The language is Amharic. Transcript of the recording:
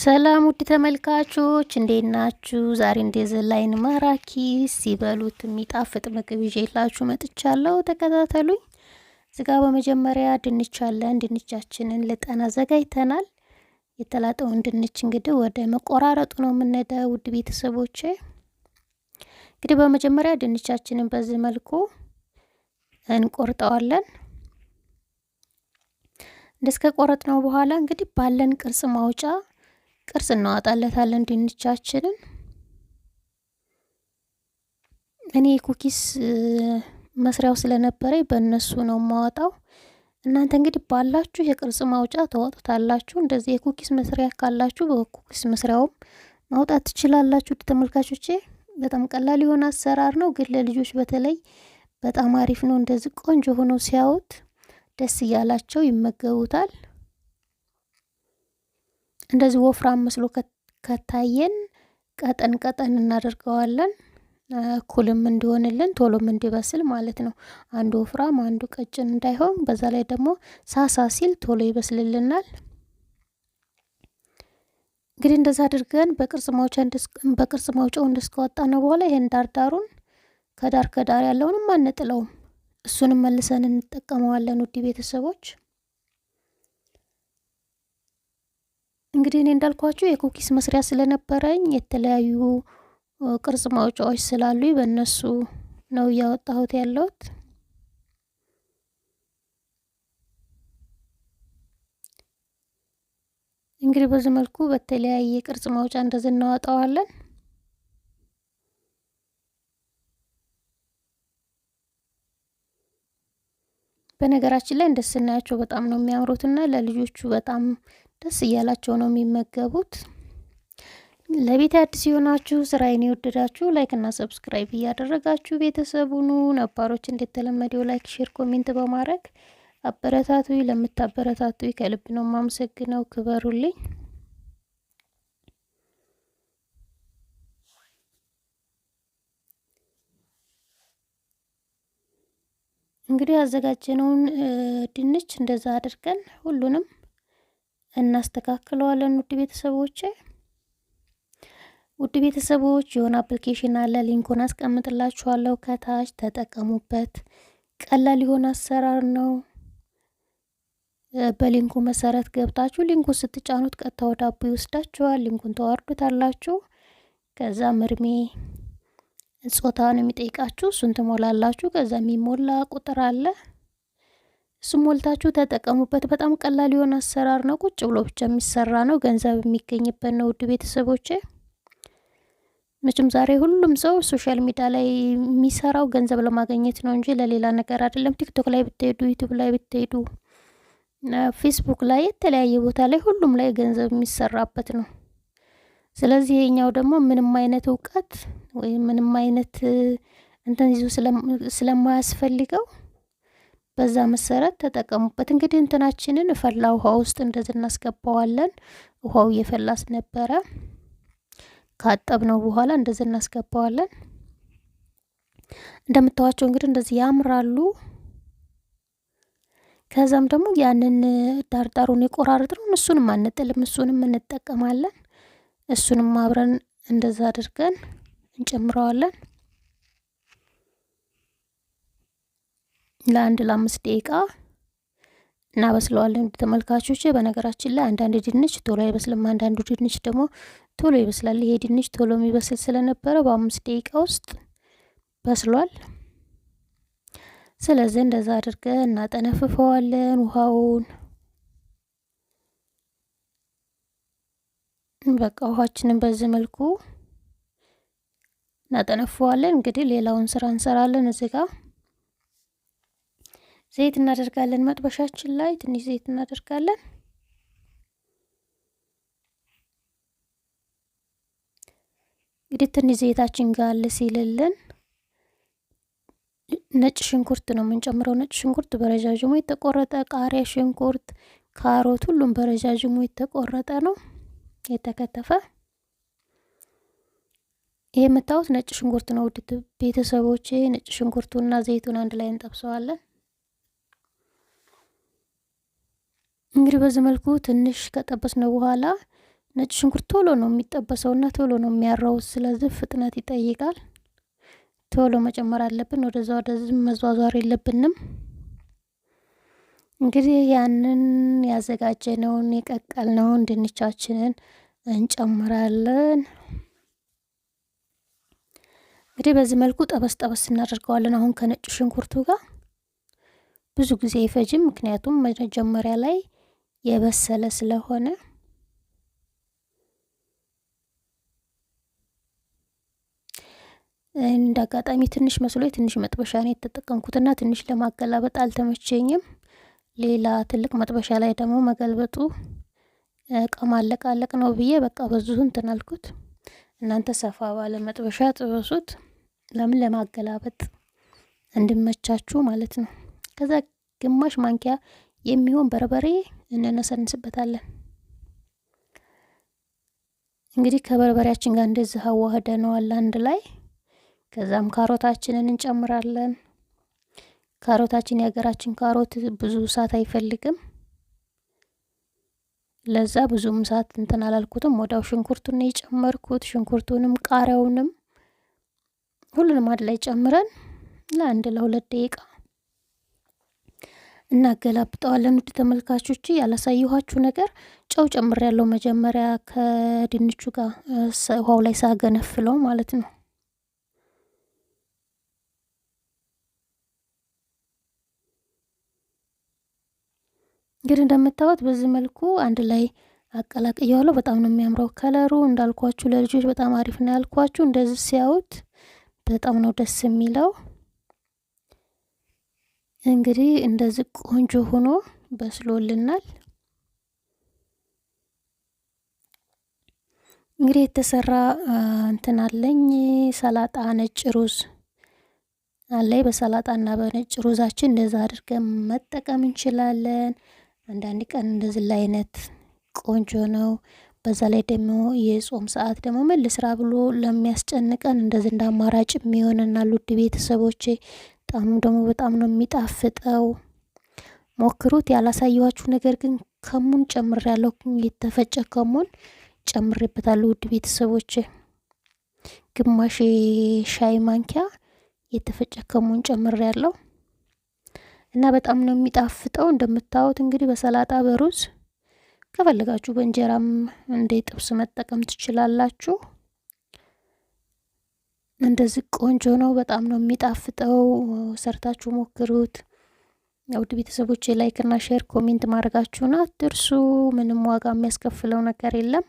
ሰላም ውድ ተመልካቾች እንዴት ናችሁ? ዛሬ ዘላይን ማራኪ ሲበሉት የሚጣፍጥ ምግብ ይዤላችሁ መጥቻለሁ። ተከታተሉኝ። ስጋ በመጀመሪያ ድንች አለን። ድንቻችንን ልጠን አዘጋጅተናል። የተላጠውን ድንች እንግዲህ ወደ መቆራረጡ ነው የምንሄደው። ውድ ቤተሰቦቼ እንግዲህ በመጀመሪያ ድንቻችንን በዚህ መልኩ እንቆርጠዋለን። እንደስከ ቆረጥ ነው በኋላ እንግዲህ ባለን ቅርጽ ማውጫ ቅርጽ እናወጣለታለን ድንቻችንን። እኔ የኩኪስ መስሪያው ስለነበረ በእነሱ ነው የማወጣው። እናንተ እንግዲህ ባላችሁ የቅርጽ ማውጫ ታወጡታላችሁ። እንደዚህ የኩኪስ መስሪያ ካላችሁ በኩኪስ መስሪያውም ማውጣት ትችላላችሁ። ተመልካቾቼ በጣም ቀላል የሆነ አሰራር ነው፣ ግን ለልጆች በተለይ በጣም አሪፍ ነው። እንደዚህ ቆንጆ ሆኖ ሲያዩት ደስ እያላቸው ይመገቡታል። እንደዚህ ወፍራም መስሎ ከታየን ቀጠን ቀጠን እናደርገዋለን። እኩልም እንዲሆንልን ቶሎም እንዲበስል ማለት ነው። አንዱ ወፍራም አንዱ ቀጭን እንዳይሆን፣ በዛ ላይ ደግሞ ሳሳ ሲል ቶሎ ይበስልልናል። እንግዲህ እንደዛ አድርገን በቅርጽ ማውጫው እንደስከወጣ ነው በኋላ ይሄን ዳርዳሩን ከዳር ከዳር ያለውንም አንጥለውም። እሱንም መልሰን እንጠቀመዋለን ውድ ቤተሰቦች እንግዲህ እኔ እንዳልኳቸው የኩኪስ መስሪያ ስለነበረኝ የተለያዩ ቅርጽ ማውጫዎች ስላሉ በእነሱ ነው እያወጣሁት ያለሁት። እንግዲህ በዚህ መልኩ በተለያየ ቅርጽ ማውጫ እንደዚህ እናወጣዋለን። በነገራችን ላይ እንደስናያቸው በጣም ነው የሚያምሩትና ለልጆቹ በጣም ደስ እያላቸው ነው የሚመገቡት። ለቤት አዲስ የሆናችሁ ስራዬን የወደዳችሁ እና ሰብስክራይብ እያደረጋችሁ ቤተሰቡኑ ነባሮች እንደተለመደው ላይክ፣ ሼር፣ ኮሜንት በማድረግ አበረታቱ። ለምታበረታቱ ከልብ ነው የማመሰግነው። ክበሩልኝ። እንግዲህ ያዘጋጀነውን ድንች እንደዛ አድርገን ሁሉንም እናስተካክለዋለን። ውድ ቤተሰቦች ውድ ቤተሰቦች የሆነ አፕሊኬሽን አለ፣ ሊንኩን አስቀምጥላችኋለሁ ከታች ተጠቀሙበት። ቀላል የሆነ አሰራር ነው። በሊንኩ መሰረት ገብታችሁ ሊንኩን ስትጫኑት ቀጥታ ወደ አቡ ይወስዳችኋል። ሊንኩን ተዋርዱታላችሁ። ከዛ እድሜ ጾታን የሚጠይቃችሁ እሱን ትሞላላችሁ። ከዛ የሚሞላ ቁጥር አለ እሱም ተጠቀሙበት። በጣም ቀላል የሆነ አሰራር ነው። ቁጭ ብሎ ብቻ የሚሰራ ነው። ገንዘብ የሚገኝበት ነው። ውድ ቤተሰቦች መቼም ዛሬ ሁሉም ሰው ሶሻል ሚዲያ ላይ የሚሰራው ገንዘብ ለማገኘት ነው እንጂ ለሌላ ነገር አይደለም። ቲክቶክ ላይ ብትሄዱ፣ ዩቱብ ላይ ብትሄዱ፣ ፌስቡክ ላይ የተለያየ ቦታ ላይ ሁሉም ላይ ገንዘብ የሚሰራበት ነው። ስለዚህ ይሄኛው ደግሞ ምንም አይነት እውቀት ወይም ምንም አይነት እንትን ይዞ ስለማያስፈልገው በዛ መሰረት ተጠቀሙበት። እንግዲህ እንትናችንን ፈላ ውሃ ውስጥ እንደዚህ እናስገባዋለን። ውሃው እየፈላስ ነበረ። ካጠብነው በኋላ እንደዚህ እናስገባዋለን። እንደምታዋቸው እንግዲህ እንደዚህ ያምራሉ። ከዛም ደግሞ ያንን ዳርዳሩን የቆራረጥ ነው እሱንም አንጥልም፣ እሱንም እንጠቀማለን። እሱንም አብረን እንደዛ አድርገን እንጨምረዋለን። ለአንድ ለአምስት ደቂቃ እናበስለዋለን። ተመልካቾች፣ በነገራችን ላይ አንዳንድ ድንች ቶሎ አይበስልም፣ አንዳንዱ ድንች ደግሞ ቶሎ ይበስላል። ይሄ ድንች ቶሎ የሚበስል ስለነበረ በአምስት ደቂቃ ውስጥ በስሏል። ስለዚህ እንደዛ አድርገን እናጠነፍፈዋለን ውሃውን። በቃ ውሃችንን በዚህ መልኩ እናጠነፍፈዋለን እንግዲህ ሌላውን ስራ እንሰራለን እዚህ ጋር ዘይት እናደርጋለን። መጥበሻችን ላይ ትንሽ ዘይት እናደርጋለን። እንግዲህ ትንሽ ዘይታችን ጋል ሲልልን ነጭ ሽንኩርት ነው የምንጨምረው። ነጭ ሽንኩርት በረጃጅሙ የተቆረጠ ቃሪያ፣ ሽንኩርት፣ ካሮት ሁሉም በረጃጅሙ የተቆረጠ ነው የተከተፈ። ይህ የምታዩት ነጭ ሽንኩርት ነው ውድ ቤተሰቦቼ። ነጭ ሽንኩርቱና ዘይቱን አንድ ላይ እንጠብሰዋለን። እንግዲህ በዚህ መልኩ ትንሽ ከጠበስነው በኋላ ነጭ ሽንኩርት ቶሎ ነው የሚጠበሰውና ቶሎ ነው የሚያራው። ስለዚህ ፍጥነት ይጠይቃል። ቶሎ መጨመር አለብን። ወደዛ ወደዚህ መዟዟር የለብንም። እንግዲህ ያንን ያዘጋጀነውን የቀቀልነውን ድንቻችንን እንጨምራለን። እንግዲህ በዚህ መልኩ ጠበስ ጠበስ እናደርገዋለን። አሁን ከነጭ ሽንኩርቱ ጋር ብዙ ጊዜ አይፈጅም፣ ምክንያቱም መጀመሪያ ላይ የበሰለ ስለሆነ እንደ አጋጣሚ ትንሽ መስሎ ትንሽ መጥበሻ ነው የተጠቀምኩትና ትንሽ ለማገላበጥ አልተመቼኝም። ሌላ ትልቅ መጥበሻ ላይ ደግሞ መገልበጡ እቃ ማለቃለቅ ነው ብዬ በቃ በዙ እንትን አልኩት። እናንተ ሰፋ ባለ መጥበሻ ጥበሱት፣ ለምን ለማገላበጥ እንድመቻችሁ ማለት ነው። ከዛ ግማሽ ማንኪያ የሚሆን በርበሬ እንነሰንስበታለን። እንግዲህ ከበርበሬያችን ጋር እንደዚህ አዋህደነዋል አንድ ላይ። ከዛም ካሮታችንን እንጨምራለን። ካሮታችን የሀገራችን ካሮት ብዙ እሳት አይፈልግም። ለዛ ብዙም እሳት እንትን አላልኩትም። ወዳው ሽንኩርቱን የጨመርኩት ሽንኩርቱንም ቃሪያውንም ሁሉንም አንድ ላይ ጨምረን ለአንድ ለሁለት ደቂቃ እናገላብጠዋለን። ውድ ተመልካቾች ያላሳየኋችሁ ነገር ጨው ጨምር ያለው መጀመሪያ ከድንቹ ጋር ውሃው ላይ ሳገነፍለው ማለት ነው። እንግዲህ እንደምታዩት በዚህ መልኩ አንድ ላይ አቀላቅየዋለሁ። በጣም ነው የሚያምረው ከለሩ። እንዳልኳችሁ ለልጆች በጣም አሪፍ ነው ያልኳችሁ። እንደዚህ ሲያዩት በጣም ነው ደስ የሚለው። እንግዲህ እንደዚህ ቆንጆ ሆኖ በስሎልናል። እንግዲህ የተሰራ እንትን አለኝ ሰላጣ ነጭ ሩዝ አለኝ። በሰላጣ እና በነጭ ሩዛችን እንደዛ አድርገን መጠቀም እንችላለን። አንዳንድ ቀን እንደዚህ አይነት ቆንጆ ነው። በዛ ላይ ደግሞ የጾም ሰዓት ደግሞ ምን ልስራ ብሎ ለሚያስጨንቀን እንደዚህ እንደ አማራጭ የሚሆንና ሉድ ቤተሰቦች ጣሙ ደግሞ በጣም ነው የሚጣፍጠው። ሞክሩት። ያላሳየኋችሁ ነገር ግን ከሙን ጨምር ያለው የተፈጨ ከሙን ጨምሬበታለሁ። ውድ ቤተሰቦች ግማሽ ሻይ ማንኪያ የተፈጨ ከሙን ጨምር ያለው እና በጣም ነው የሚጣፍጠው። እንደምታዩት እንግዲህ በሰላጣ በሩዝ ከፈለጋችሁ በእንጀራም እንደ ጥብስ መጠቀም ትችላላችሁ። እንደዚህ ቆንጆ ነው። በጣም ነው የሚጣፍጠው። ሰርታችሁ ሞክሩት። ውድ ቤተሰቦቼ ላይክና ሼር፣ ኮሜንት ማድረጋችሁን አትርሱ። ምንም ዋጋ የሚያስከፍለው ነገር የለም።